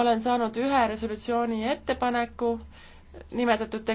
olen saanud ühe resolutsiooni ettepaneku nimetatud teksti